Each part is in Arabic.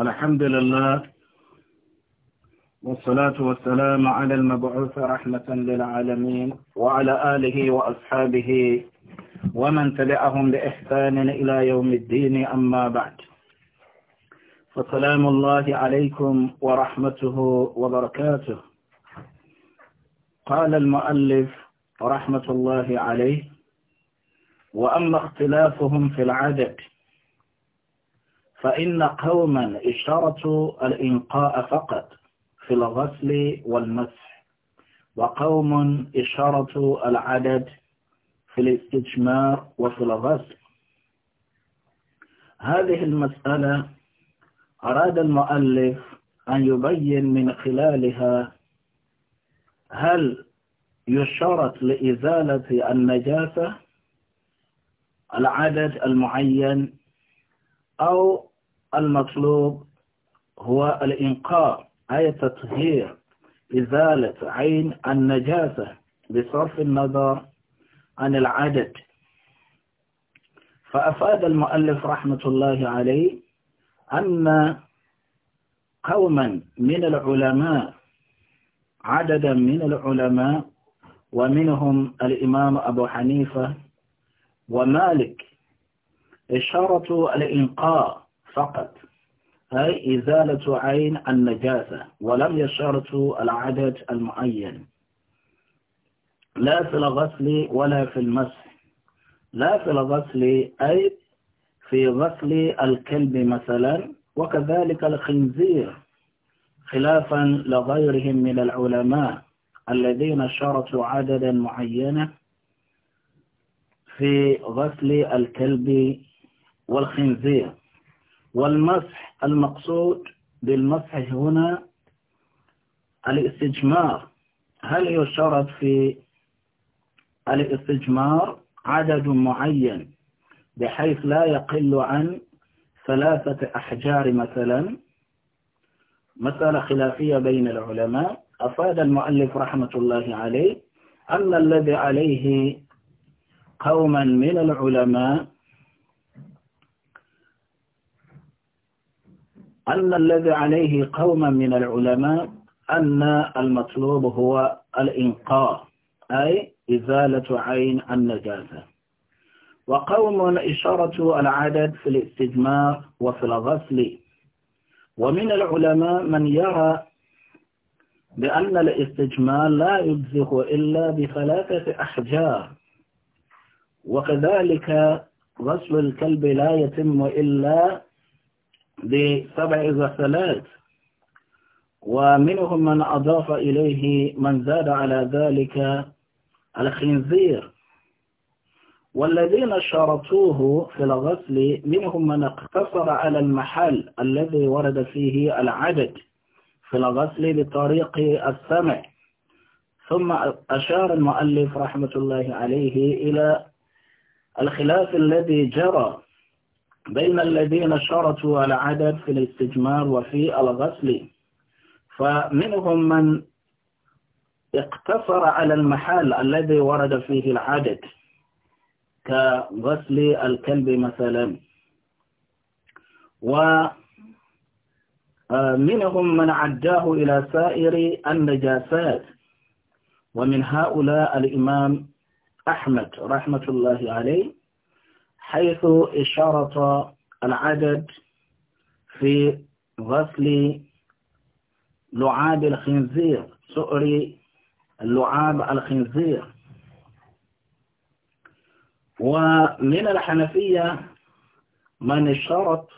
الحمد لله والصلاة والسلام على المبعوث رحمة للعالمين وعلى آله وأصحابه ومن تبعهم بإحسان إلى يوم الدين أما بعد فسلام الله عليكم ورحمته وبركاته قال المؤلف رحمة الله عليه وأما اختلافهم في العدد فإن قوما اشترطوا الإنقاء فقط في الغسل والمسح وقوم اشترطوا العدد في الاستجمار وفي الغسل هذه المسألة أراد المؤلف أن يبين من خلالها هل يشترط لإزالة النجاسة العدد المعين أو المطلوب هو الإنقاء أي تطهير إزالة عين النجاسة بصرف النظر عن العدد فأفاد المؤلف رحمة الله عليه أن قوما من العلماء عددا من العلماء ومنهم الإمام أبو حنيفة ومالك اشترطوا الإنقاء فقط أي إزالة عين النجاسة ولم يشرط العدد المعين لا في الغسل ولا في المسح لا في الغسل أي في غسل الكلب مثلا وكذلك الخنزير خلافا لغيرهم من العلماء الذين شرطوا عددا معينا في غسل الكلب والخنزير والمسح المقصود بالمسح هنا الاستجمار هل يشترط في الاستجمار عدد معين بحيث لا يقل عن ثلاثة أحجار مثلا مسألة خلافية بين العلماء أفاد المؤلف رحمة الله عليه أن الذي عليه قوما من العلماء أن الذي عليه قوما من العلماء أن المطلوب هو الإنقاء أي إزالة عين النجاسة وقوم إشارة العدد في الاستجمار وفي الغسل ومن العلماء من يرى بأن الاستجمار لا يجزه إلا بثلاثة أحجار وكذلك غسل الكلب لا يتم إلا بسبع غسلات ومنهم من أضاف إليه من زاد على ذلك الخنزير والذين شرطوه في الغسل منهم من اقتصر على المحل الذي ورد فيه العدد في الغسل بطريق السمع ثم أشار المؤلف رحمة الله عليه إلى الخلاف الذي جرى بين الذين شرطوا العدد في الاستجمار وفي الغسل فمنهم من اقتصر على المحل الذي ورد فيه العدد كغسل الكلب مثلا ومنهم من عداه إلى سائر النجاسات ومن هؤلاء الإمام أحمد رحمة الله عليه حيث اشترط العدد في غسل لعاب الخنزير سؤر اللعاب الخنزير ومن الحنفية من اشترط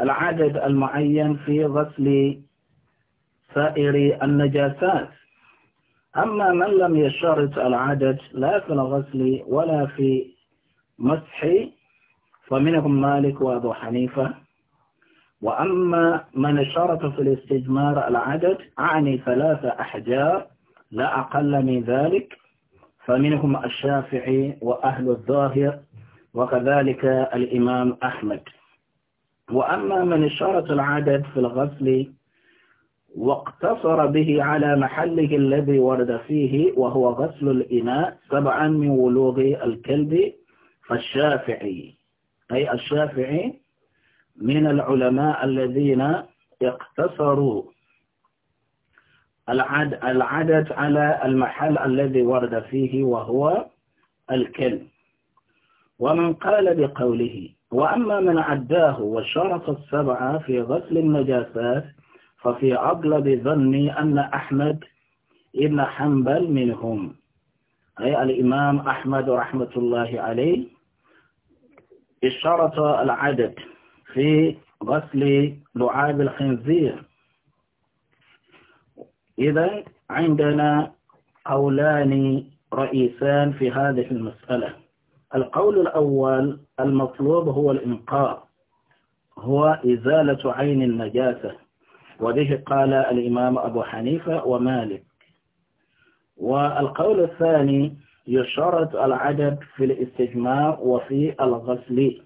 العدد المعين في غسل سائر النجاسات أما من لم يشترط العدد لا في الغسل ولا في مسحي فمنهم مالك وأبو حنيفة وأما من اشترط في الاستجمار العدد أعني ثلاثة أحجار لا أقل من ذلك فمنهم الشافعي وأهل الظاهر وكذلك الإمام أحمد وأما من اشترط العدد في الغسل واقتصر به على محله الذي ورد فيه وهو غسل الإناء سبعا من ولوغ الكلب الشافعي أي الشافعي من العلماء الذين اقتصروا العدد على المحل الذي ورد فيه وهو الكلب ومن قال بقوله وأما من عداه وشرط السبعة في غسل النجاسات ففي أغلب ظني أن أحمد ابن حنبل منهم أي الإمام أحمد رحمة الله عليه اشترط العدد في غسل لعاب الخنزير إذا عندنا قولان رئيسان في هذه المسألة القول الأول المطلوب هو الإنقاء هو إزالة عين النجاسة وبه قال الإمام أبو حنيفة ومالك والقول الثاني يشرط العدد في الاستجماع وفي الغسل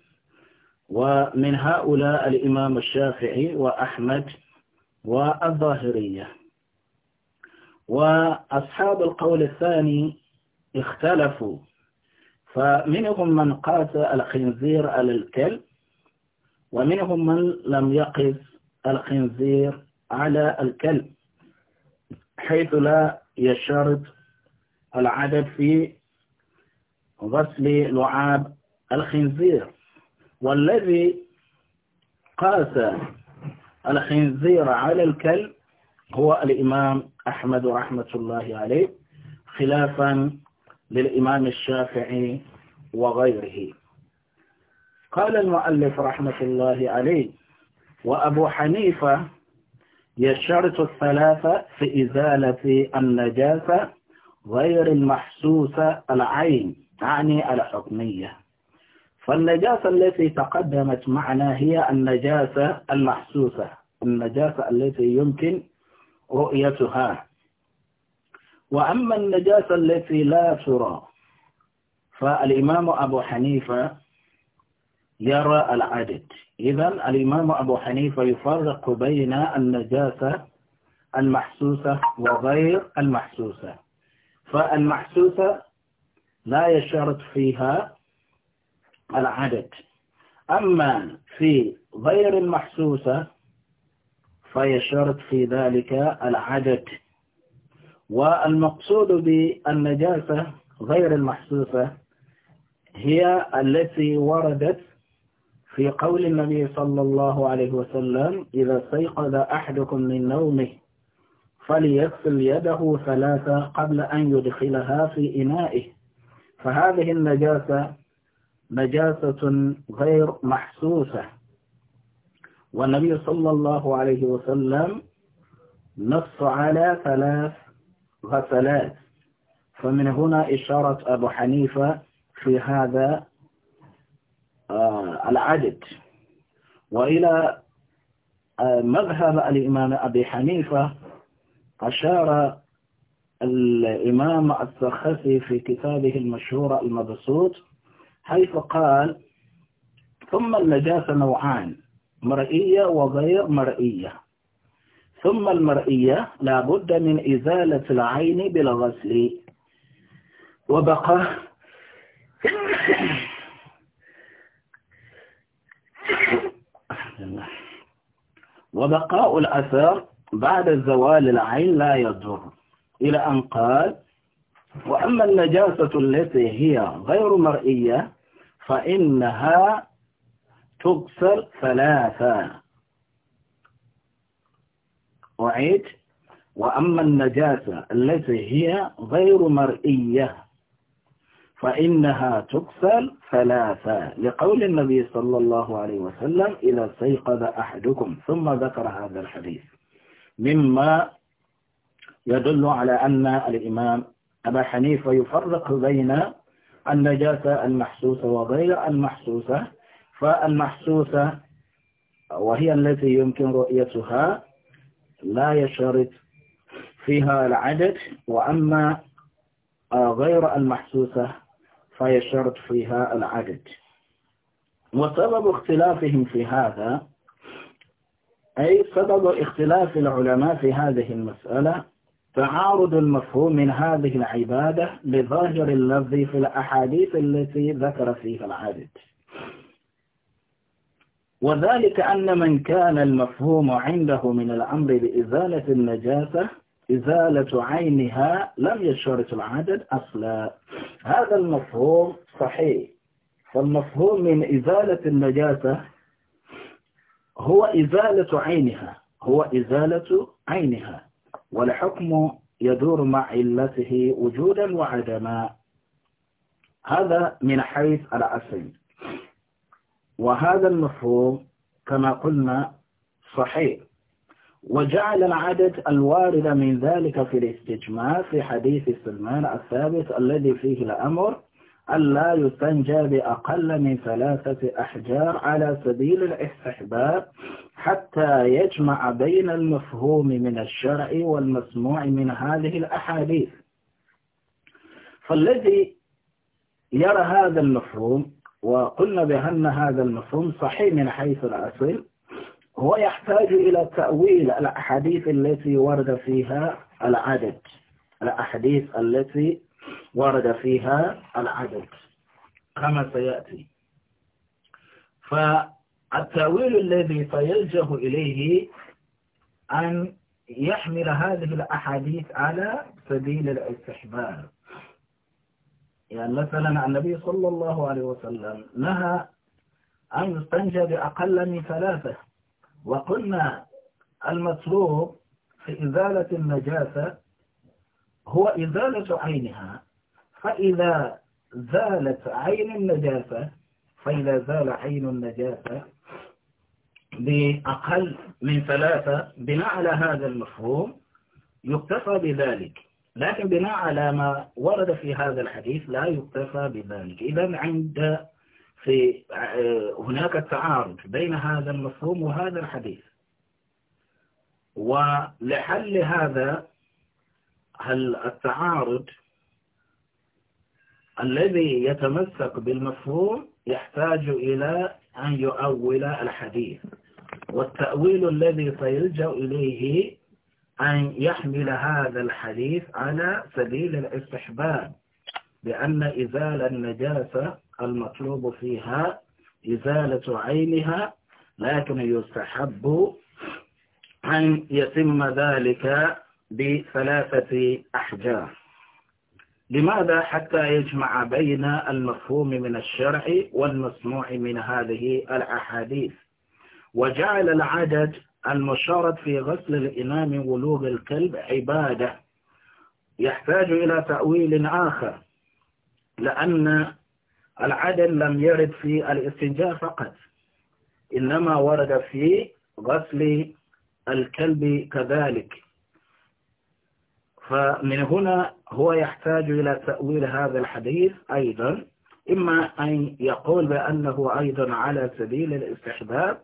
ومن هؤلاء الإمام الشافعي وأحمد والظاهرية وأصحاب القول الثاني اختلفوا فمنهم من قاس الخنزير على الكلب ومنهم من لم يقس الخنزير على الكلب حيث لا يشرط العدد في غسل لعاب الخنزير والذي قاس الخنزير على الكلب هو الإمام أحمد رحمة الله عليه خلافا للإمام الشافعي وغيره قال المؤلف رحمة الله عليه وأبو حنيفة يشترط الثلاثة في إزالة النجاسة غير المحسوسة العين تعني الحكمية فالنجاسة التي تقدمت معنا هي النجاسة المحسوسة النجاسة التي يمكن رؤيتها وأما النجاسة التي لا ترى فالإمام أبو حنيفة يرى العدد إذا الإمام أبو حنيفة يفرق بين النجاسة المحسوسة وغير المحسوسة فالمحسوسة لا يشترط فيها العدد أما في غير المحسوسة فيشترط في ذلك العدد والمقصود بالنجاسة غير المحسوسة هي التي وردت في قول النبي صلى الله عليه وسلم إذا استيقظ أحدكم من نومه فليغسل يده ثلاثة قبل أن يدخلها في إنائه فهذه النجاسة نجاسة غير محسوسة والنبي صلى الله عليه وسلم نص على ثلاث غسلات فمن هنا إشارة أبو حنيفة في هذا آه، العدد وإلى آه، مذهب الإمام أبي حنيفة أشار الإمام السخفي في كتابه المشهور المبسوط حيث قال ثم النجاسة نوعان مرئية وغير مرئية ثم المرئية لابد من إزالة العين بالغسل وبقى وبقاء الأثر بعد زوال العين لا يضر إلى أن قال وأما النجاسة التي هي غير مرئية فإنها تغسل ثلاثا أعيد وأما النجاسة التي هي غير مرئية فإنها تغسل ثلاثا لقول النبي صلى الله عليه وسلم إذا استيقظ أحدكم ثم ذكر هذا الحديث مما يدل على أن الإمام أبا حنيفة يفرق بين النجاسة المحسوسة وغير المحسوسة فالمحسوسة وهي التي يمكن رؤيتها لا يشرط فيها العدد وأما غير المحسوسة فيشرط فيها العدد وسبب اختلافهم في هذا أي سبب اختلاف العلماء في هذه المسألة تعارض المفهوم من هذه العبادة بظاهر اللفظ في الأحاديث التي ذكر فيها العدد وذلك أن من كان المفهوم عنده من الأمر بإزالة النجاسة إزالة عينها لم يشترط العدد أصلا هذا المفهوم صحيح فالمفهوم من إزالة النجاسة هو إزالة عينها هو إزالة عينها والحكم يدور مع علته وجودا وعدما هذا من حيث الأصل وهذا المفهوم كما قلنا صحيح وجعل العدد الوارد من ذلك في الاستجماع في حديث سلمان الثابت الذي فيه الأمر ألا يستنجى بأقل من ثلاثة أحجار على سبيل الاستحباب حتى يجمع بين المفهوم من الشرع والمسموع من هذه الأحاديث فالذي يرى هذا المفهوم وقلنا بأن هذا المفهوم صحيح من حيث الأصل هو يحتاج إلى تأويل الأحاديث التي ورد فيها العدد الأحاديث التي ورد فيها العدد كما سيأتي فالتأويل الذي سيلجأ إليه أن يحمل هذه الأحاديث على سبيل الاستحباب يعني مثلا النبي صلى الله عليه وسلم نهى أن يستنجى بأقل من ثلاثة وقلنا المطلوب في إزالة النجاسة هو إزالة عينها فإذا زالت عين النجاسة فإذا زال عين النجاسة بأقل من ثلاثة بناء على هذا المفهوم يكتفى بذلك لكن بناء على ما ورد في هذا الحديث لا يكتفى بذلك إذا عند في آه، هناك تعارض بين هذا المفهوم وهذا الحديث ولحل هذا التعارض الذي يتمسك بالمفهوم يحتاج إلى أن يؤول الحديث والتأويل الذي سيلجأ إليه أن يحمل هذا الحديث على سبيل الاستحباب بأن إزالة النجاسة المطلوب فيها إزالة عينها لكن يستحب أن يتم ذلك بثلاثة أحجار لماذا حتى يجمع بين المفهوم من الشرع والمسموع من هذه الأحاديث وجعل العدد المشارط في غسل الإناء من ولوغ الكلب عبادة يحتاج إلى تأويل آخر لأن العدد لم يرد في الاستنجاء فقط إنما ورد في غسل الكلب كذلك فمن هنا هو يحتاج إلى تأويل هذا الحديث أيضا إما أن يقول بأنه أيضا على سبيل الاستحباب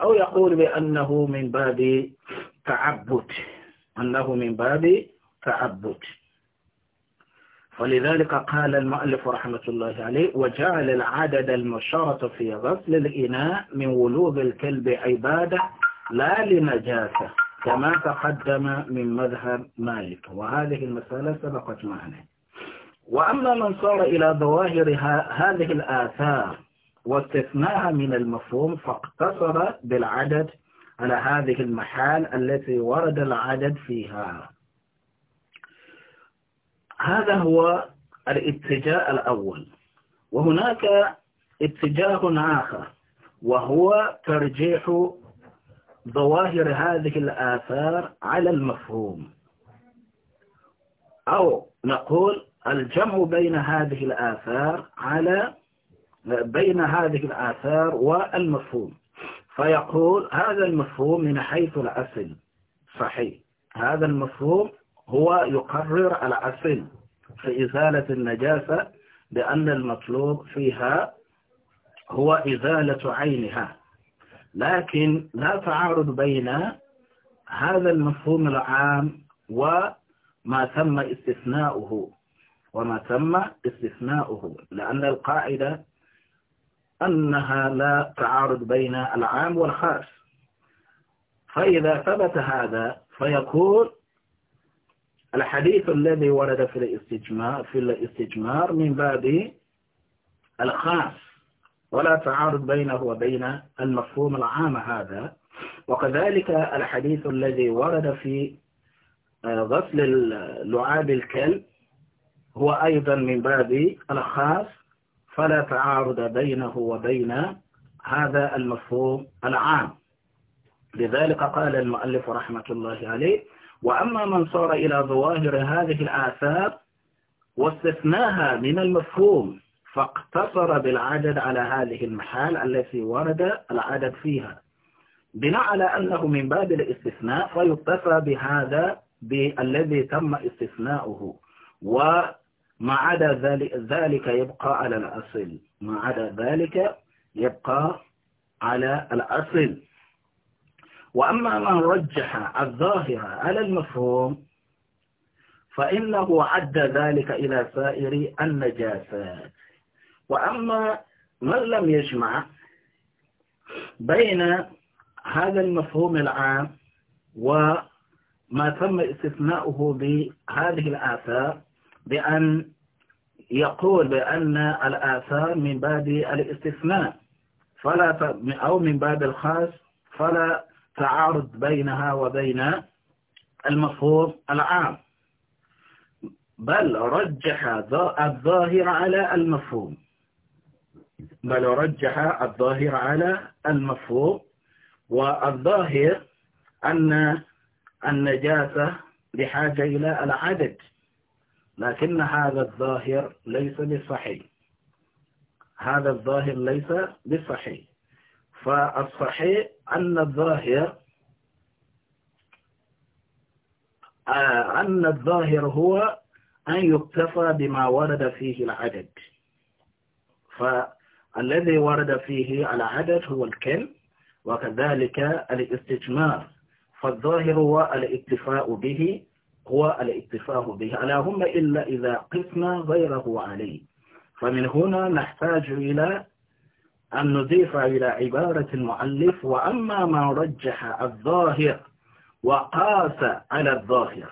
أو يقول بأنه من باب تعبد أنه من باب تعبد ولذلك قال المؤلف رحمة الله عليه وجعل العدد المشارط في غسل الإناء من ولوغ الكلب عبادة لا لنجاسة كما تقدم من مذهب مالك وهذه المسألة سبقت معنا وأما من صار إلى ظواهر هذه الآثار واستثناها من المفهوم فاقتصر بالعدد على هذه المحال التي ورد العدد فيها هذا هو الاتجاه الأول وهناك اتجاه آخر وهو ترجيح ظواهر هذه الآثار على المفهوم أو نقول الجمع بين هذه الآثار على بين هذه الآثار والمفهوم فيقول هذا المفهوم من حيث الأصل صحيح هذا المفهوم هو يقرر الأصل في إزالة النجاسة بأن المطلوب فيها هو إزالة عينها لكن لا تعارض بين هذا المفهوم العام وما تم استثناؤه وما تم استثناؤه لأن القاعدة أنها لا تعارض بين العام والخاص فإذا ثبت هذا فيكون الحديث الذي ورد في الاستجمار في الاستجمار من باب الخاص ولا تعارض بينه وبين المفهوم العام هذا وكذلك الحديث الذي ورد في آه، غسل لعاب الكلب هو أيضا من باب الخاص فلا تعارض بينه وبين هذا المفهوم العام لذلك قال المؤلف رحمة الله عليه وأما من صار إلى ظواهر هذه الآثار واستثناها من المفهوم فاقتصر بالعدد على هذه المحال التي ورد العدد فيها بناء على أنه من باب الاستثناء فيقتصى بهذا بالذي تم استثناؤه وما عدا ذلك يبقى على الأصل ما عدا ذلك يبقى على الأصل وأما من رجح الظاهرة على المفهوم فإنه عد ذلك إلى سائر النجاسات وأما من لم يجمع بين هذا المفهوم العام وما تم استثناؤه بهذه الآثار بأن يقول بأن الآثار من باب الاستثناء فلا أو من باب الخاص فلا تعارض بينها وبين المفهوم العام بل رجح الظاهر على المفهوم بل رجح الظاهر على المفهوم والظاهر أن النجاسة بحاجة إلى العدد لكن هذا الظاهر ليس بصحيح هذا الظاهر ليس بصحيح فالصحيح أن الظاهر آه، أن الظاهر هو أن يكتفى بما ورد فيه العدد الذي ورد فيه العدد هو الكلب وكذلك الاستجمار فالظاهر هو الاكتفاء به هو الاكتفاء به اللهم إلا إذا قسنا غيره عليه فمن هنا نحتاج إلى أن نضيف إلى عبارة المؤلف وأما ما رجح الظاهر وقاس على الظاهر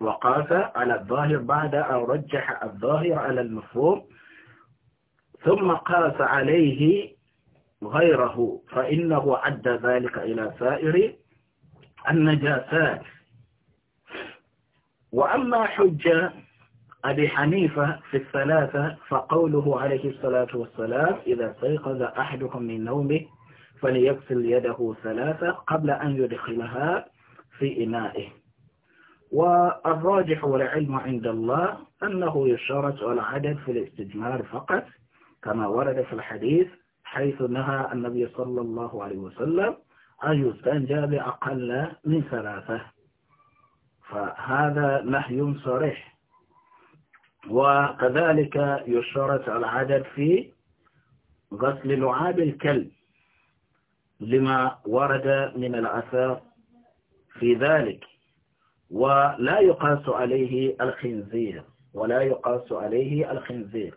وقاس على الظاهر بعد أن رجح الظاهر على المفهوم ثم قاس عليه غيره فإنه عد ذلك إلى سائر النجاسات وأما حجة أبي حنيفة في الثلاثة فقوله عليه الصلاة والسلام إذا استيقظ أحدكم من نومه فليغسل يده ثلاثة قبل أن يدخلها في إنائه والراجح والعلم عند الله أنه يشارك العدد في الاستجمار فقط كما ورد في الحديث حيث نهى النبي صلى الله عليه وسلم أن يستنجى بأقل من ثلاثة فهذا نهي صريح وكذلك يشترط العدد في غسل لعاب الكلب لما ورد من الأثر في ذلك ولا يقاس عليه الخنزير ولا يقاس عليه الخنزير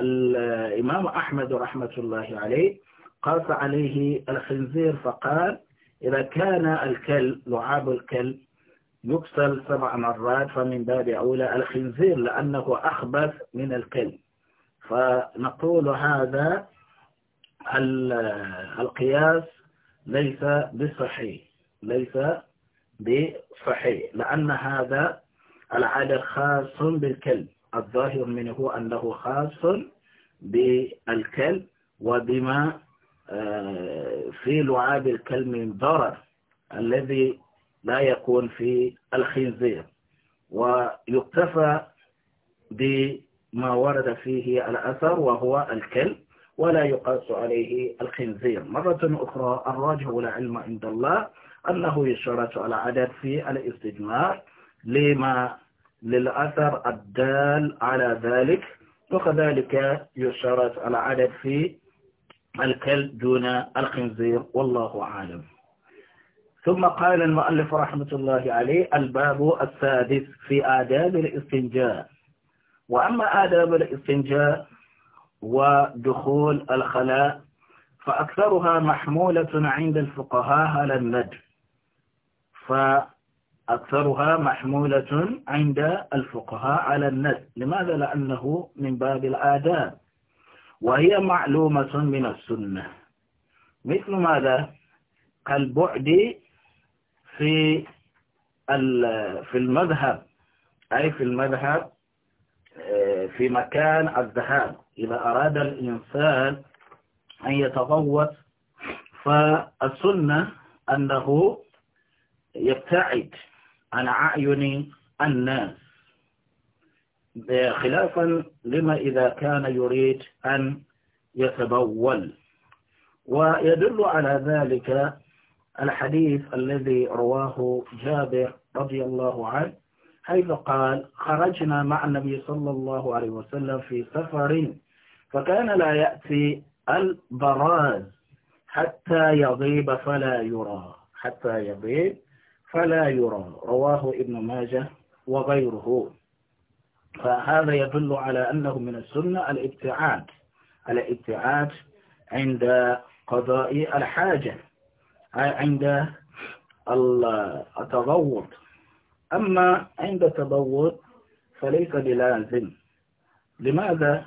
الإمام أحمد رحمة الله عليه قاس عليه الخنزير فقال إذا كان الكلب لعاب الكلب يكسل سبع مرات فمن باب أولى الخنزير لأنه أخبث من الكلب فنقول هذا القياس ليس بصحيح ليس بصحيح لأن هذا العدد خاص بالكلب الظاهر منه أنه خاص بالكلب وبما آه، في لعاب الكلب من ضرر الذي لا يكون في الخنزير ويكتفى بما ورد فيه الأثر وهو الكلب ولا يقاس عليه الخنزير مرة أخرى الراجع علم عند الله أنه يشرط على عدد في الاستجمار لما للأثر الدال على ذلك وكذلك يشرت العدد في الكلب دون الخنزير والله أعلم ثم قال المؤلف رحمة الله عليه الباب السادس في آداب الاستنجاء وأما آداب الاستنجاء ودخول الخلاء فأكثرها محمولة عند الفقهاء على الندب أكثرها محمولة عند الفقهاء على النس لماذا؟ لأنه من باب الآداب وهي معلومة من السنة مثل ماذا؟ البعد في في المذهب أي في المذهب آه، في مكان الذهاب إذا أراد الإنسان أن يتغوط فالسنة أنه يبتعد عن أعين الناس خلافا لما إذا كان يريد أن يتبول ويدل على ذلك الحديث الذي رواه جابر رضي الله عنه حيث قال خرجنا مع النبي صلى الله عليه وسلم في سفر فكان لا يأتي البراز حتى يغيب فلا يرى حتى يغيب فلا يرى رواه ابن ماجه وغيره فهذا يدل على أنه من السنة الابتعاد الابتعاد عند قضاء الحاجة عند التضوض أما عند التضوض فليس بلازم لماذا؟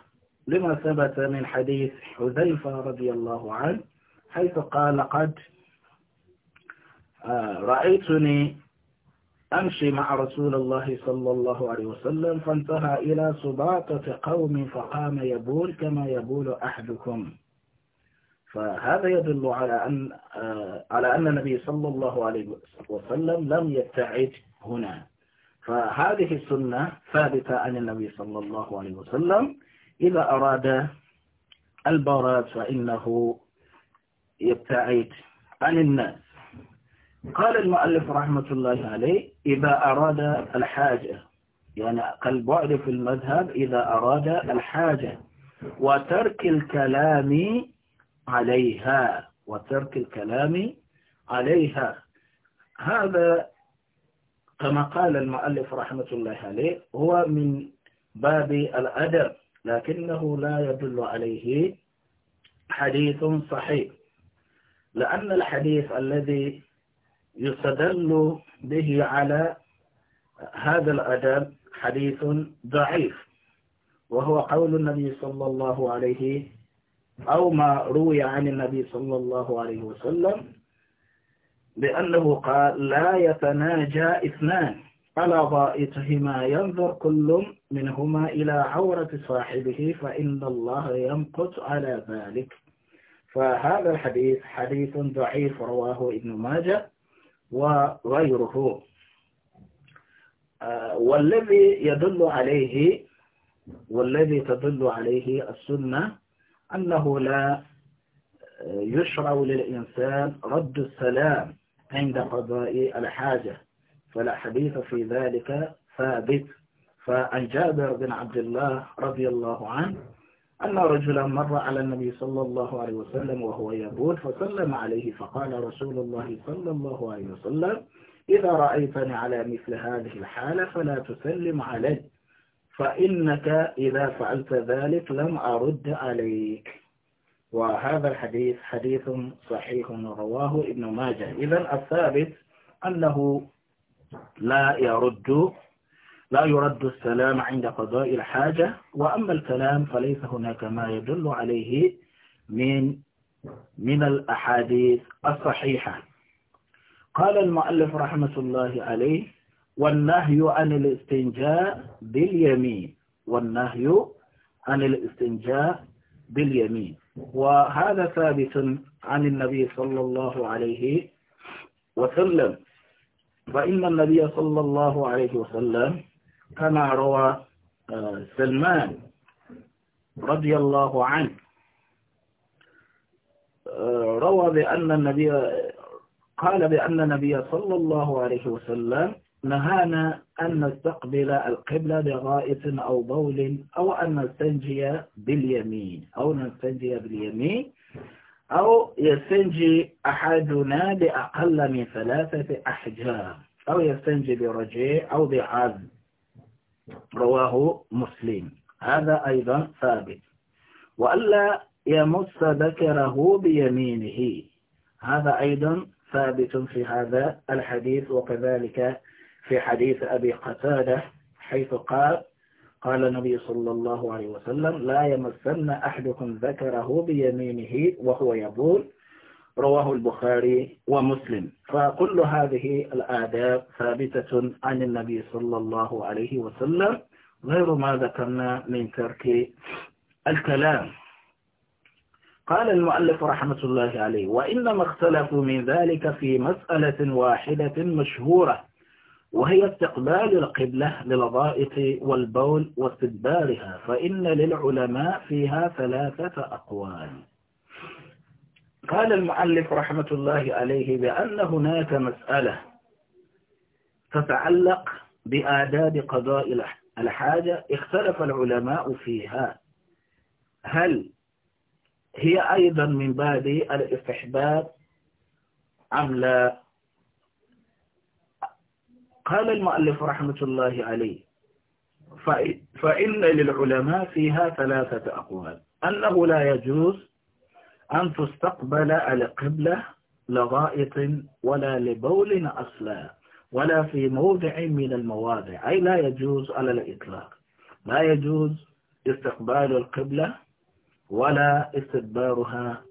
لما ثبت من حديث حذيفة رضي الله عنه حيث قال قد آه، رأيتني أمشي مع رسول الله صلى الله عليه وسلم فانتهى إلى سباطة قوم فقام يبول كما يبول أحدكم فهذا يدل على أن آه، على أن النبي صلى الله عليه وسلم لم يبتعد هنا فهذه السنة ثابتة عن النبي صلى الله عليه وسلم إذا أراد البراد فإنه يبتعد عن الناس قال المؤلف رحمة الله عليه إذا أراد الحاجة يعني كالبعد في المذهب إذا أراد الحاجة وترك الكلام عليها وترك الكلام عليها هذا كما قال المؤلف رحمة الله عليه هو من باب الأدب لكنه لا يدل عليه حديث صحيح لأن الحديث الذي يستدل به على هذا الأدب حديث ضعيف وهو قول النبي صلى الله عليه أو ما روي عن النبي صلى الله عليه وسلم بأنه قال لا يتناجى اثنان على ضائتهما ينظر كل منهما إلى عورة صاحبه فإن الله يمقت على ذلك فهذا الحديث حديث ضعيف رواه ابن ماجه وغيره آه، والذي يدل عليه والذي تدل عليه السنة أنه لا آه، يشرع للإنسان رد السلام عند قضاء الحاجة فلا حديث في ذلك ثابت فعن جابر بن عبد الله رضي الله عنه أن رجلا مر على النبي صلى الله عليه وسلم وهو يبول فسلم عليه فقال رسول الله صلى الله عليه وسلم إذا رأيتني على مثل هذه الحالة فلا تسلم علي فإنك إذا فعلت ذلك لم أرد عليك وهذا الحديث حديث صحيح رواه ابن ماجه إذا الثابت أنه لا يرد لا يرد السلام عند قضاء الحاجة وأما الكلام فليس هناك ما يدل عليه من من الأحاديث الصحيحة قال المؤلف رحمة الله عليه والنهي عن الاستنجاء باليمين والنهي عن الاستنجاء باليمين وهذا ثابت عن النبي صلى الله عليه وسلم فإن النبي صلى الله عليه وسلم كما روى آه، سلمان رضي الله عنه آه، روى بأن النبي قال بأن النبي صلى الله عليه وسلم نهانا أن نستقبل القبلة بغائط أو بول أو أن نستنجي باليمين أو نستنجي باليمين أو يستنجي أحدنا بأقل من ثلاثة أحجار أو يستنجي برجع أو بعزم رواه مسلم هذا أيضا ثابت وألا يمس ذكره بيمينه هذا أيضا ثابت في هذا الحديث وكذلك في حديث أبي قتادة حيث قال قال النبي صلى الله عليه وسلم لا يمسن أحدكم ذكره بيمينه وهو يبول رواه البخاري ومسلم فكل هذه الآداب ثابتة عن النبي صلى الله عليه وسلم غير ما ذكرنا من ترك الكلام قال المؤلف رحمة الله عليه وإنما اختلفوا من ذلك في مسألة واحدة مشهورة وهي استقبال القبلة للضائط والبول واستدبارها فإن للعلماء فيها ثلاثة أقوال قال المعلف رحمة الله عليه بأن هناك مسألة تتعلق بآداب قضاء الحاجة اختلف العلماء فيها هل هي أيضا من باب الاستحباب أم لا قال المؤلف رحمة الله عليه فإن للعلماء فيها ثلاثة أقوال أنه لا يجوز أن تستقبل القبلة لغائط ولا لبول أصلا ولا في موضع من المواضع أي لا يجوز على الإطلاق لا يجوز استقبال القبلة ولا استدبارها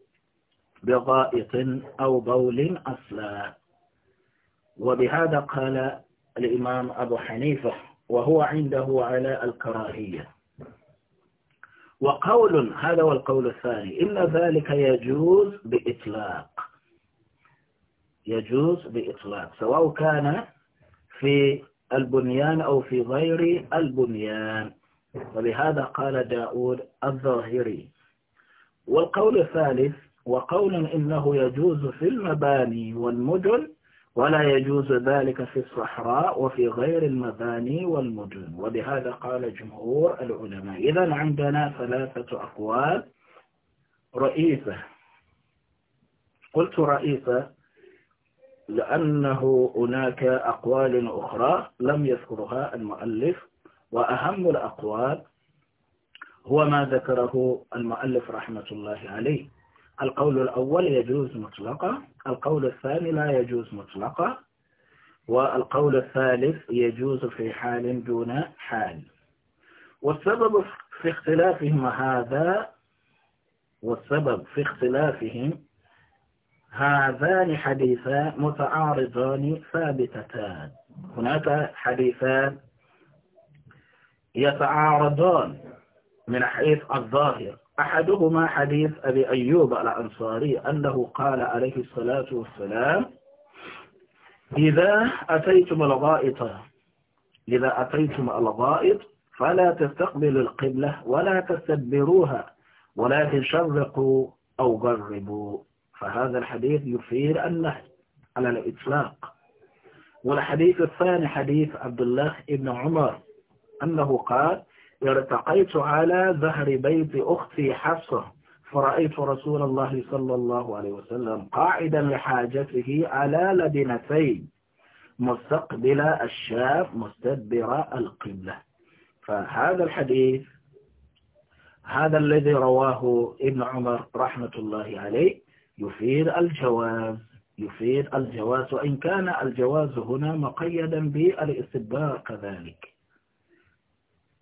بغائط أو بول أصلا وبهذا قال الإمام أبو حنيفة وهو عنده على الكراهية وقول هذا هو القول الثاني إلا ذلك يجوز بإطلاق يجوز بإطلاق سواء كان في البنيان أو في غير البنيان ولهذا قال داود الظاهري والقول الثالث وقول إنه يجوز في المباني والمدن ولا يجوز ذلك في الصحراء وفي غير المباني والمدن وبهذا قال جمهور العلماء إذا عندنا ثلاثة أقوال رئيسة قلت رئيسة لأنه هناك أقوال أخرى لم يذكرها المؤلف وأهم الأقوال هو ما ذكره المؤلف رحمة الله عليه القول الأول يجوز مطلقة القول الثاني لا يجوز مطلقة والقول الثالث يجوز في حال دون حال والسبب في اختلافهم هذا والسبب في اختلافهم هذان حديثان متعارضان ثابتتان هناك حديثان يتعارضان من حيث الظاهر أحدهما حديث أبي أيوب الأنصاري أنه قال عليه الصلاة والسلام إذا أتيتم الغائط إذا أتيتم الغائط فلا تستقبلوا القبلة ولا تستدبروها ولكن شرقوا أو غربوا فهذا الحديث يثير النهي على الإطلاق والحديث الثاني حديث عبد الله بن عمر أنه قال ارتقيت على ظهر بيت أختي حفصة فرأيت رسول الله صلى الله عليه وسلم قاعدا لحاجته على لبنتين مستقبل الشاب مستدبر القبلة فهذا الحديث هذا الذي رواه ابن عمر رحمة الله عليه يفيد الجواز يفيد الجواز وإن كان الجواز هنا مقيدا بالاستدبار كذلك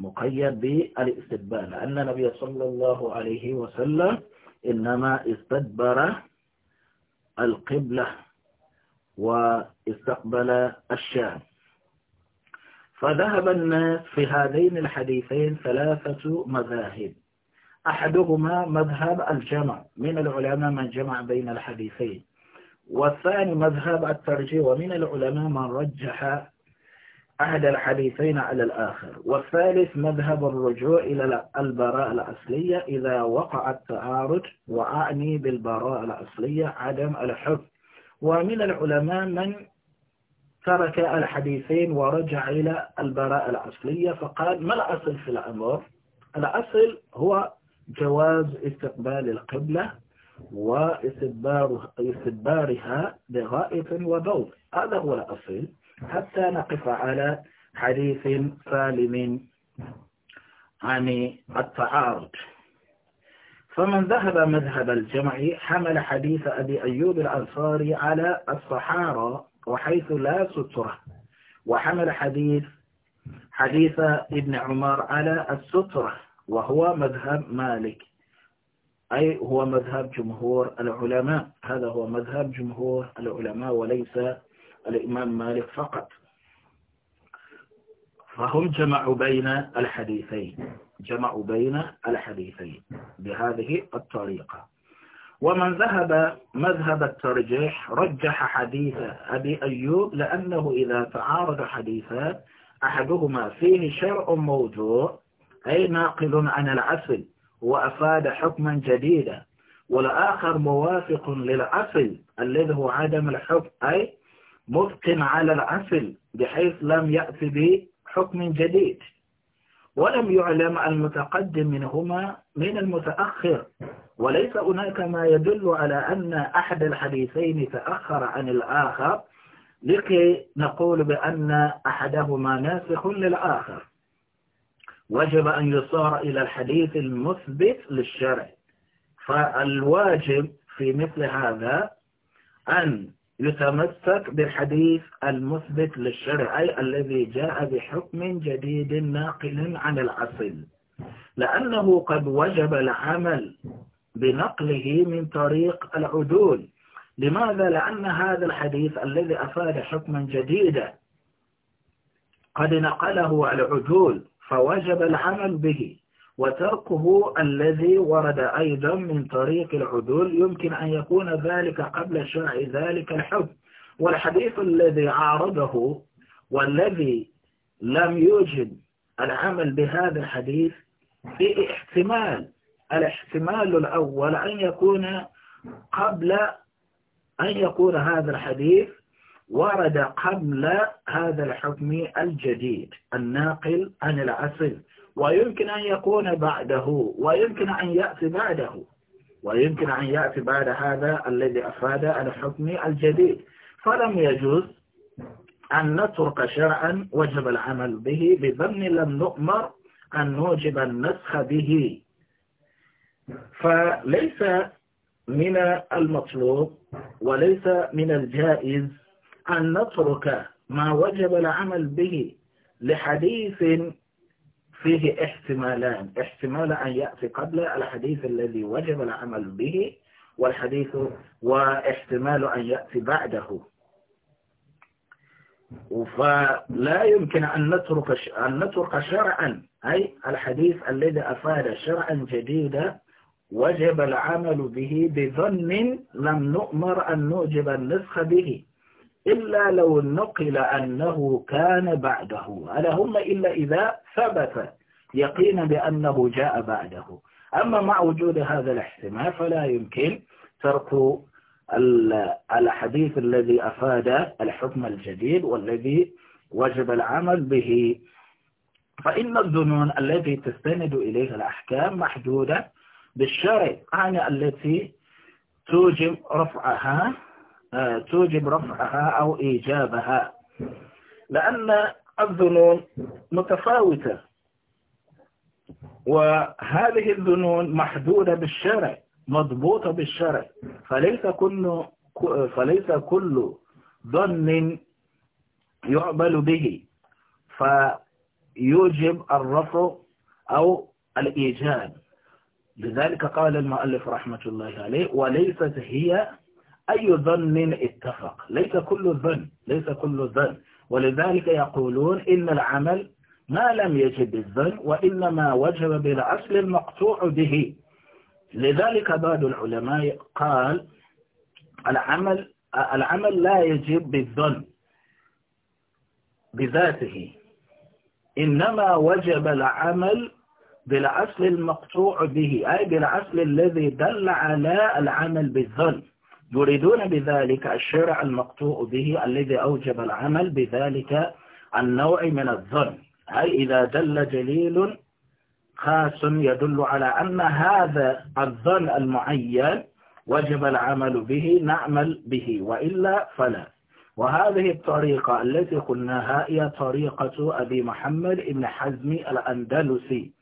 مقيد بالاستدبار لأن النبي صلى الله عليه وسلم إنما استدبر القبلة واستقبل الشام فذهب الناس في هذين الحديثين ثلاثة مذاهب أحدهما مذهب الجمع من العلماء من جمع بين الحديثين والثاني مذهب الترجيح ومن العلماء من رجح أحد الحديثين على الآخر والثالث مذهب الرجوع إلى البراءة الأصلية إذا وقع التعارض وأعني بالبراءة الأصلية عدم الحب ومن العلماء من ترك الحديثين ورجع إلى البراءة الأصلية فقال ما الأصل في الأمر؟ الأصل هو جواز استقبال القبلة واستدبارها بغائط وضوء هذا هو الأصل حتى نقف على حديث سالم عن التعارض فمن ذهب مذهب الجمع حمل حديث أبي أيوب الأنصاري على الصحارى وحيث لا سترة وحمل حديث حديث ابن عمر على السترة وهو مذهب مالك أي هو مذهب جمهور العلماء هذا هو مذهب جمهور العلماء وليس الإمام مالك فقط فهم جمعوا بين الحديثين جمعوا بين الحديثين بهذه الطريقة ومن ذهب مذهب الترجيح رجح حديث أبي أيوب لأنه إذا تعارض حديثان أحدهما فيه شرع موضوع أي ناقل عن العسل وأفاد حكما جديدا والآخر موافق للعسل الذي هو عدم الحكم أي مبق على العسل بحيث لم يأتي بحكم جديد ولم يعلم المتقدم منهما من المتأخر وليس هناك ما يدل على أن أحد الحديثين تأخر عن الآخر لكي نقول بأن أحدهما ناسخ للآخر وجب أن يصار إلى الحديث المثبت للشرع فالواجب في مثل هذا أن يتمسك بالحديث المثبت للشرع الذي جاء بحكم جديد ناقل عن الأصل لأنه قد وجب العمل بنقله من طريق العدول لماذا؟ لأن هذا الحديث الذي أفاد حكما جديدا قد نقله العدول فوجب العمل به وتركه الذي ورد أيضا من طريق العدول يمكن أن يكون ذلك قبل شاع ذلك الحب والحديث الذي عارضه والذي لم يوجد العمل بهذا الحديث في احتمال الاحتمال الأول أن يكون قبل أن يكون هذا الحديث ورد قبل هذا الحكم الجديد الناقل عن العصر ويمكن أن يكون بعده ويمكن أن يأتي بعده ويمكن أن يأتي بعد هذا الذي أفاد الحكم الجديد فلم يجوز أن نترك شرعا وجب العمل به بظن لم نؤمر أن نوجب النسخ به فليس من المطلوب وليس من الجائز أن نترك ما وجب العمل به لحديث فيه احتمالان احتمال أن يأتي قبل الحديث الذي وجب العمل به والحديث واحتمال أن يأتي بعده فلا يمكن أن نترك أن نترك شرعا أي الحديث الذي أفاد شرعا جديدا وجب العمل به بظن لم نؤمر أن نوجب النسخ به إلا لو نقل أنه كان بعده هم إلا إذا ثبت يقينا بأنه جاء بعده أما مع وجود هذا الاحتمال فلا يمكن ترك الحديث الذي أفاد الحكم الجديد والذي وجب العمل به فإن الظنون التي تستند إليها الأحكام محدودة بالشرع عن التي توجب رفعها آه، توجب رفعها أو إيجابها لأن الظنون متفاوتة وهذه الظنون محدودة بالشرع مضبوطة بالشرع فليس كل فليس كل ظن يعمل به فيوجب الرفع أو الإيجاب لذلك قال المؤلف رحمة الله عليه وليست هي أي ظن اتفق ليس كل الظن ليس كل الظن ولذلك يقولون إن العمل ما لم يجب الظن وإنما وجب بالأصل المقطوع به لذلك بعض العلماء قال العمل العمل لا يجب بالظن بذاته إنما وجب العمل بالأصل المقطوع به أي بالأصل الذي دل على العمل بالظن يريدون بذلك الشرع المقطوع به الذي أوجب العمل بذلك النوع من الظن أي إذا دل جليل خاص يدل على أن هذا الظن المعين وجب العمل به نعمل به وإلا فلا وهذه الطريقة التي قلناها هي طريقة أبي محمد بن حزم الأندلسي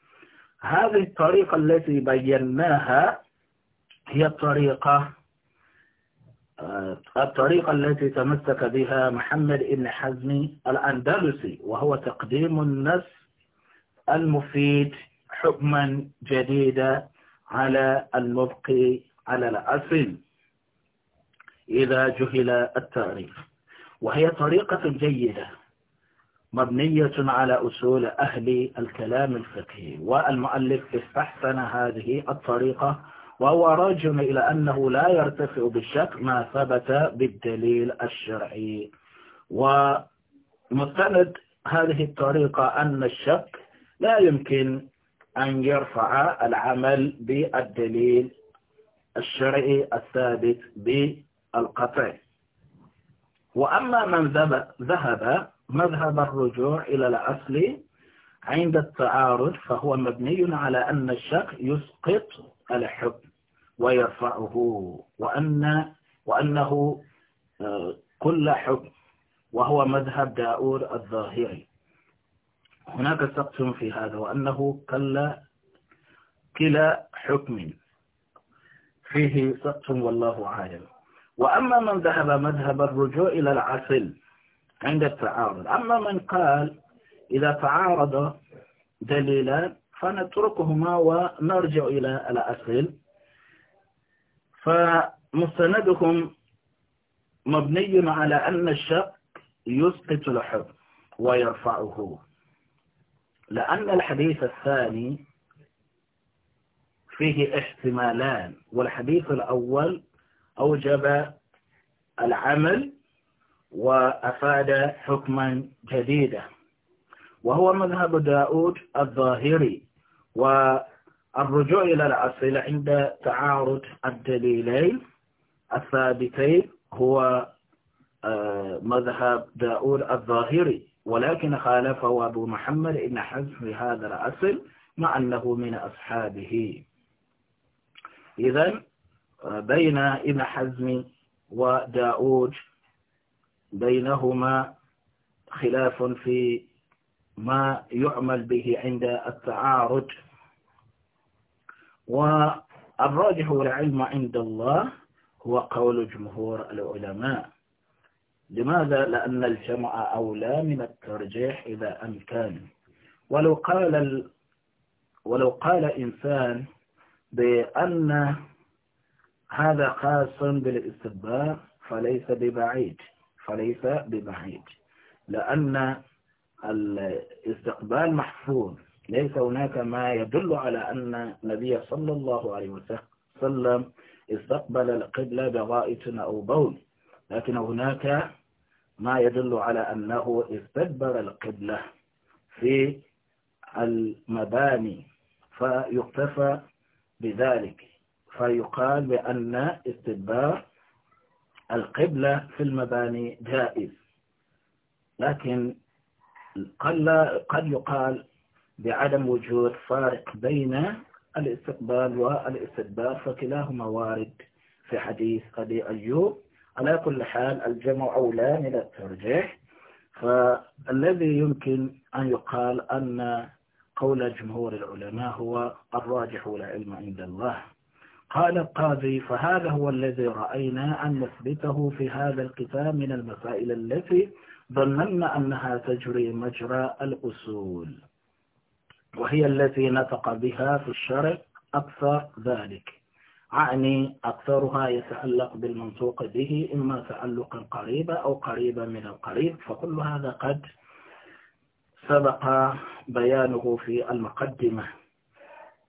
هذه الطريقة التي بيناها هي الطريقة آه، الطريقة التي تمسك بها محمد بن حزم الأندلسي وهو تقديم النص المفيد حكما جديدا على المبقي على الأصل إذا جهل التاريخ وهي طريقة جيدة مبنية على أصول أهل الكلام الفقهي والمؤلف استحسن هذه الطريقة وهو راجع إلى أنه لا يرتفع بالشك ما ثبت بالدليل الشرعي ومستند هذه الطريقة أن الشك لا يمكن أن يرفع العمل بالدليل الشرعي الثابت بالقطع وأما من ذهب مذهب الرجوع إلى الأصل عند التعارض فهو مبني على أن الشك يسقط الحكم ويرفعه وأن وأنه آه، كل حكم وهو مذهب داور الظاهري هناك سقط في هذا وأنه كلا كلا حكم فيه سقط والله عالم وأما من ذهب مذهب الرجوع إلى العسل عند التعارض أما من قال إذا تعارض دليلان فنتركهما ونرجع إلى الأصل فمستندهم مبني على أن الشك يسقط الحب ويرفعه لأن الحديث الثاني فيه احتمالان والحديث الأول أوجب العمل وأفاد حكما جديدا وهو مذهب داود الظاهري و الرجوع إلى الأصل عند تعارض الدليلين الثابتين هو آه، مذهب داود الظاهري ولكن خالفه أبو محمد إن حزم هذا الأصل مع أنه من أصحابه إذا آه، بين ابن حزم وداود بينهما خلاف في ما يعمل به عند التعارض والراجح والعلم عند الله هو قول جمهور العلماء لماذا؟ لأن الجمع أولى من الترجيح إذا أمكن ولو قال ال... ولو قال إنسان بأن هذا خاص بالاستباء فليس ببعيد فليس ببعيد لأن الاستقبال محفوظ ليس هناك ما يدل على أن النبي صلى الله عليه وسلم استقبل القبلة بغائط أو بول لكن هناك ما يدل على أنه استدبر القبلة في المباني فيقتفى بذلك فيقال بأن استدبار القبلة في المباني جائز لكن قد يقال بعدم وجود فارق بين الاستقبال والاستدبار فكلاهما وارد في حديث أبي أيوب على كل حال الجمع أولى من الترجيح فالذي يمكن أن يقال أن قول جمهور العلماء هو الراجح والعلم عند الله قال القاضي فهذا هو الذي رأينا أن نثبته في هذا الكتاب من المسائل التي ظننا أنها تجري مجرى الأصول وهي التي نطق بها في الشرع أكثر ذلك أعني أكثرها يتعلق بالمنطوق به إما تعلقا قريبا أو قريبا من القريب فكل هذا قد سبق بيانه في المقدمة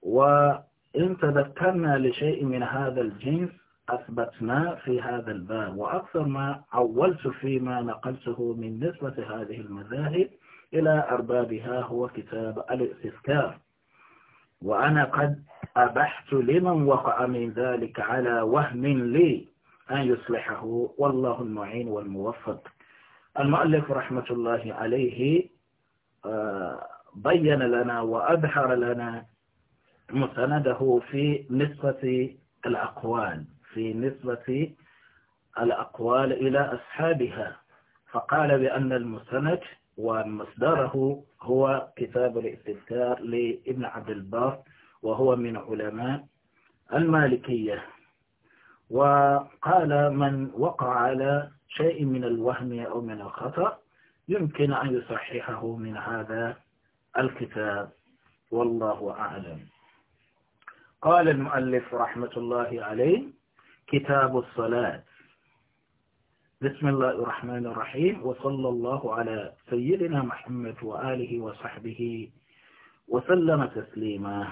وإن تذكرنا لشيء من هذا الجنس أثبتنا في هذا الباب وأكثر ما عولت فيما نقلته من نسبة هذه المذاهب إلى أربابها هو كتاب الاستذكار وأنا قد أبحت لمن وقع من ذلك على وهم لي أن يصلحه والله المعين والموفق المؤلف رحمة الله عليه آه، بين لنا وأبحر لنا مسنده في نسبة الأقوال في نسبة الأقوال إلى أصحابها فقال بأن المسند ومصدره هو كتاب الاستذكار لابن عبد البر وهو من علماء المالكية وقال من وقع على شيء من الوهم أو من الخطأ يمكن أن يصححه من هذا الكتاب والله أعلم قال المؤلف رحمة الله عليه كتاب الصلاة بسم الله الرحمن الرحيم وصلى الله على سيدنا محمد وآله وصحبه وسلم تسليما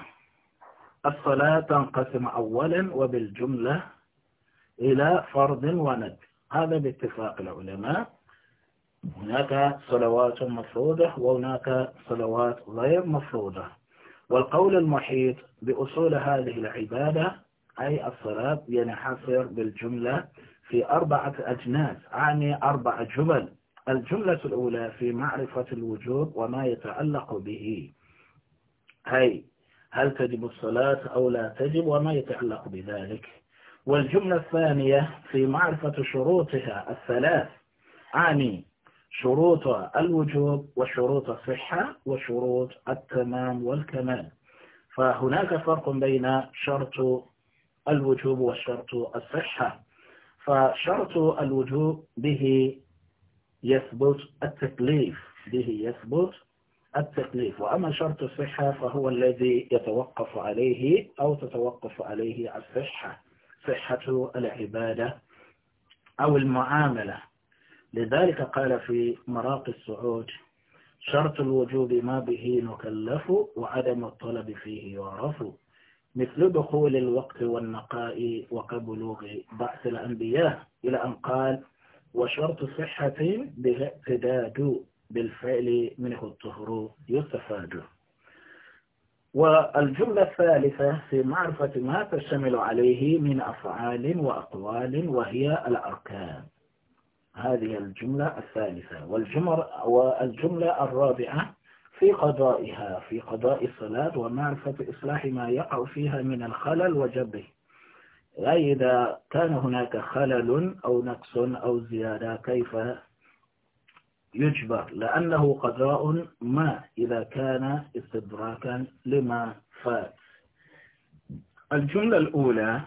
الصلاة تنقسم أولا وبالجملة إلى فرض وند هذا باتفاق العلماء هناك صلوات مفروضة وهناك صلوات غير مفروضة والقول المحيط بأصول هذه العبادة أي الصلاة ينحصر يعني بالجملة في أربعة أجناس أعني أربعة جمل الجملة الأولى في معرفة الوجوب وما يتعلق به أي هل تجب الصلاة أو لا تجب وما يتعلق بذلك والجملة الثانية في معرفة شروطها الثلاث أعني شروط الوجوب وشروط الصحة وشروط التمام والكمال فهناك فرق بين شرط الوجوب وشرط الصحة فشرط الوجوب به يثبت التكليف به يثبت التكليف وأما شرط الصحة فهو الذي يتوقف عليه أو تتوقف عليه الصحة صحة العبادة أو المعاملة لذلك قال في مراقي السعود شرط الوجوب ما به نكلف وعدم الطلب فيه يعرف مثل دخول الوقت والنقاء وكبلوغ بعث الأنبياء إلى أن قال وشرط صحة بالاعتداد بالفعل منه الطهر يستفاد والجملة الثالثة في معرفة ما تشتمل عليه من أفعال وأقوال وهي الأركان هذه الجملة الثالثة والجملة الرابعة في قضائها في قضاء الصلاة ومعرفة إصلاح ما يقع فيها من الخلل وجبه لا إذا كان هناك خلل أو نقص أو زيادة كيف يجبر لأنه قضاء ما إذا كان استدراكا لما فات الجملة الأولى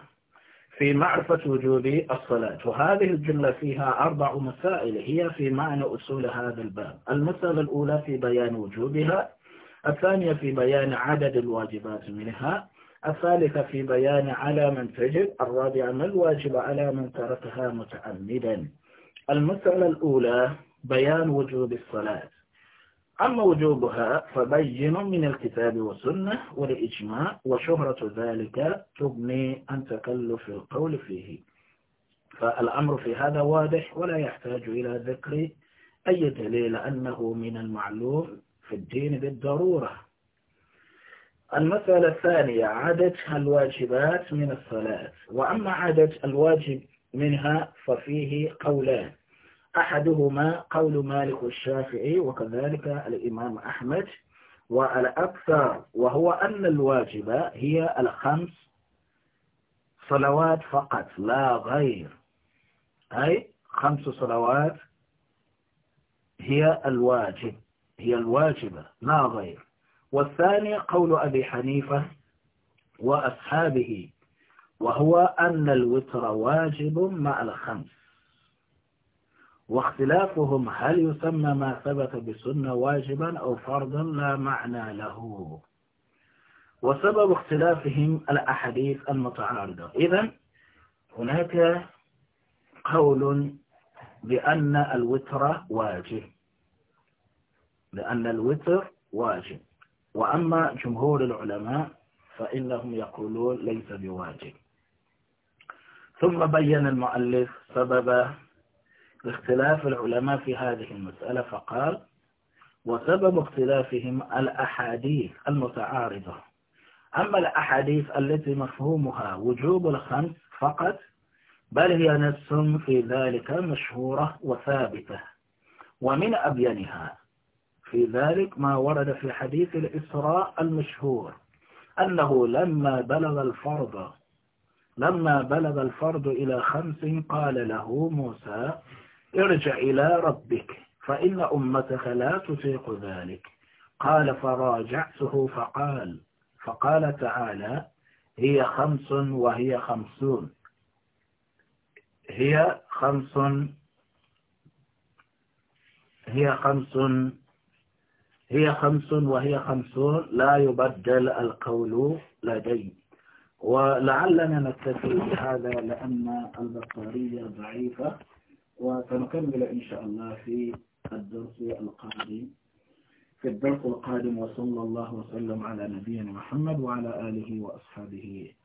في معرفة وجوب الصلاة وهذه الجملة فيها أربع مسائل هي في معنى أصول هذا الباب المسألة الأولى في بيان وجوبها الثانية في بيان عدد الواجبات منها الثالثة في بيان على من تجب الرابعة ما الواجب على من تركها متعمدا المسألة الأولى بيان وجوب الصلاة أما وجوبها فبين من الكتاب والسنة والإجماع وشهرة ذلك تبني عن تكلف القول فيه فالأمر في هذا واضح ولا يحتاج إلى ذكر أي دليل أنه من المعلوم في الدين بالضرورة المسألة الثانية عدد الواجبات من الصلاة وأما عدد الواجب منها ففيه قولان أحدهما قول مالك والشافعي وكذلك الإمام أحمد والأكثر وهو أن الواجب هي الخمس صلوات فقط لا غير أي خمس صلوات هي الواجب هي الواجبة لا غير والثاني قول أبي حنيفة وأصحابه وهو أن الوتر واجب مع الخمس واختلافهم هل يسمى ما ثبت بالسنة واجبا أو فرضا لا معنى له وسبب اختلافهم الأحاديث المتعارضة إذا هناك قول بأن الوتر واجب لأن الوتر واجب وأما جمهور العلماء فإنهم يقولون ليس بواجب ثم بين المؤلف سبب اختلاف العلماء في هذه المسألة فقال وسبب اختلافهم الأحاديث المتعارضة أما الأحاديث التي مفهومها وجوب الخمس فقط بل هي نفس في ذلك مشهورة وثابتة ومن أبينها في ذلك ما ورد في حديث الإسراء المشهور أنه لما بلغ الفرض لما بلغ الفرض إلى خمس قال له موسى ارجع إلى ربك فإن أمتك لا تطيق ذلك قال فراجعته فقال فقال تعالى هي خمس وهي خمسون هي خمس هي خمس هي خمس وهي خمسون لا يبدل القول لدي ولعلنا نكتفي بهذا لأن البصرية ضعيفة وسنكمل إن شاء الله في الدرس القادم في الدرس القادم وصلى الله وسلم على نبينا محمد وعلى آله وأصحابه أجمعين